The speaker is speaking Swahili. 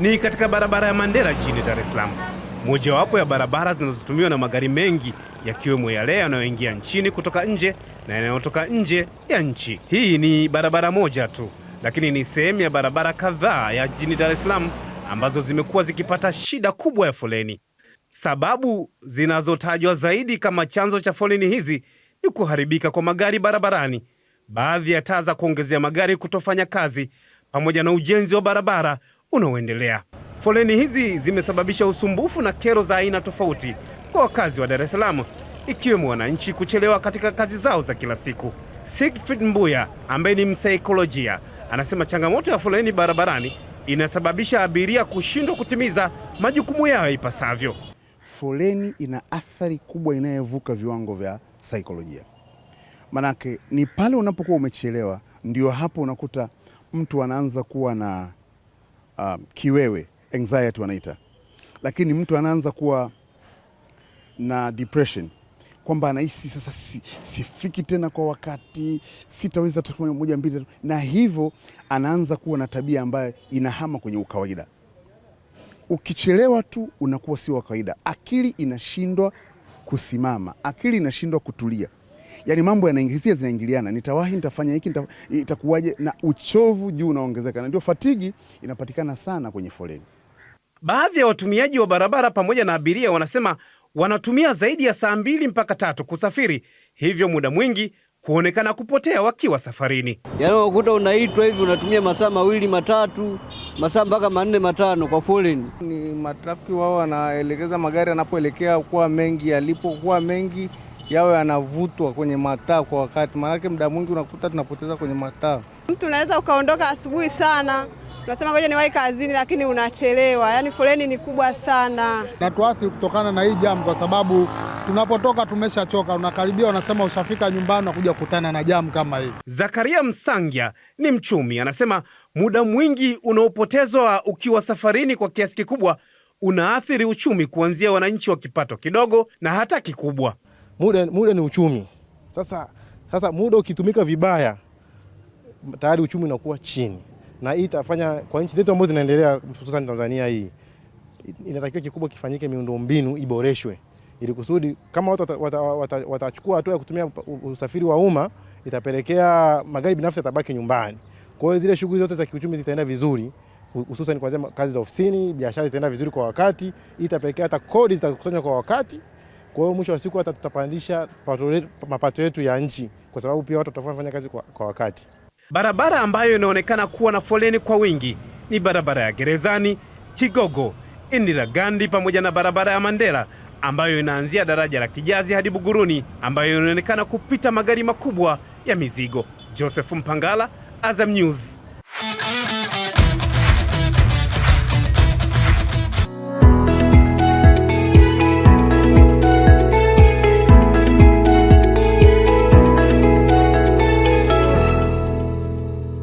ni katika barabara ya Mandela jijini Dar es Salaam, mojawapo ya barabara zinazotumiwa na magari mengi yakiwemo yale yanayoingia nchini kutoka nje na yanayotoka nje ya nchi. Hii ni barabara moja tu, lakini ni sehemu ya barabara kadhaa ya jijini Dar es Salaam ambazo zimekuwa zikipata shida kubwa ya foleni. Sababu zinazotajwa zaidi kama chanzo cha foleni hizi ni kuharibika kwa magari barabarani, baadhi ya taa za kuongezea magari kutofanya kazi, pamoja na ujenzi wa barabara unaoendelea. Foleni hizi zimesababisha usumbufu na kero za aina tofauti kwa wakazi wa Dar es Salaam, ikiwemo wananchi kuchelewa katika kazi zao za kila siku. Siegfried Mbuya ambaye ni msaikolojia anasema changamoto ya foleni barabarani inasababisha abiria kushindwa kutimiza majukumu yao ipasavyo. Foleni ina athari kubwa inayovuka viwango vya saikolojia, manake ni pale unapokuwa umechelewa, ndio hapo unakuta mtu anaanza kuwa na um, kiwewe anxiety wanaita, lakini mtu anaanza kuwa na depression kwamba anahisi sasa si, sifiki tena kwa wakati, sitaweza kufanya moja mbili, na hivyo anaanza kuwa na tabia ambayo inahama kwenye ukawaida. Ukichelewa tu unakuwa sio wa kawaida, akili inashindwa kusimama, akili inashindwa kutulia yani mambo yanaingilia, zinaingiliana, nitawahi, nitafanya hiki, itakuwaje, na uchovu juu unaongezeka, na ndio fatigi inapatikana sana kwenye foleni. Baadhi ya watumiaji wa barabara pamoja na abiria wanasema wanatumia zaidi ya saa mbili mpaka tatu kusafiri, hivyo muda mwingi kuonekana kupotea wakiwa safarini. Yani unakuta unaitwa hivi, unatumia masaa mawili matatu, masaa mpaka manne matano kwa foleni. Ni matrafiki wao wanaelekeza magari yanapoelekea kuwa mengi, yalipokuwa mengi yawe yanavutwa kwenye mataa kwa wakati, maanake muda mwingi unakuta tunapoteza kwenye mataa. Mtu unaweza ukaondoka asubuhi sana, unasema ngoja niwahi kazini, lakini unachelewa. Yaani foleni ni kubwa sana, natuasi kutokana na hii jamu, kwa sababu tunapotoka tumeshachoka, unakaribia unasema ushafika nyumbani, kuja kukutana na jamu kama hii. Zakaria Msangya ni mchumi, anasema muda mwingi unaopotezwa ukiwa safarini kwa kiasi kikubwa unaathiri uchumi, kuanzia wananchi wa kipato kidogo na hata kikubwa muda, muda ni uchumi. Sasa, sasa muda ukitumika vibaya tayari uchumi unakuwa chini, na hii itafanya kwa nchi zetu ambazo zinaendelea hususan Tanzania hii, inatakiwa kikubwa kifanyike, miundombinu iboreshwe ili kusudi kama watu watachukua hatua ya kutumia usafiri wa umma itapelekea magari binafsi yatabaki nyumbani. Kwa hiyo zile shughuli zote za kiuchumi zitaenda vizuri, hususan kwa kazi za ofisini, biashara zitaenda vizuri kwa wakati. itapelekea hata kodi zitakusanywa kwa wakati kwa hiyo mwisho wa siku hata tutapandisha mapato yetu ya nchi, kwa sababu pia watu watafanya kazi kwa, kwa wakati. Barabara ambayo inaonekana kuwa na foleni kwa wingi ni barabara ya Gerezani, Kigogo, Indira Gandhi pamoja na barabara ya Mandela ambayo inaanzia daraja la Kijazi hadi Buguruni ambayo inaonekana kupita magari makubwa ya mizigo. Joseph Mpangala, Azam News.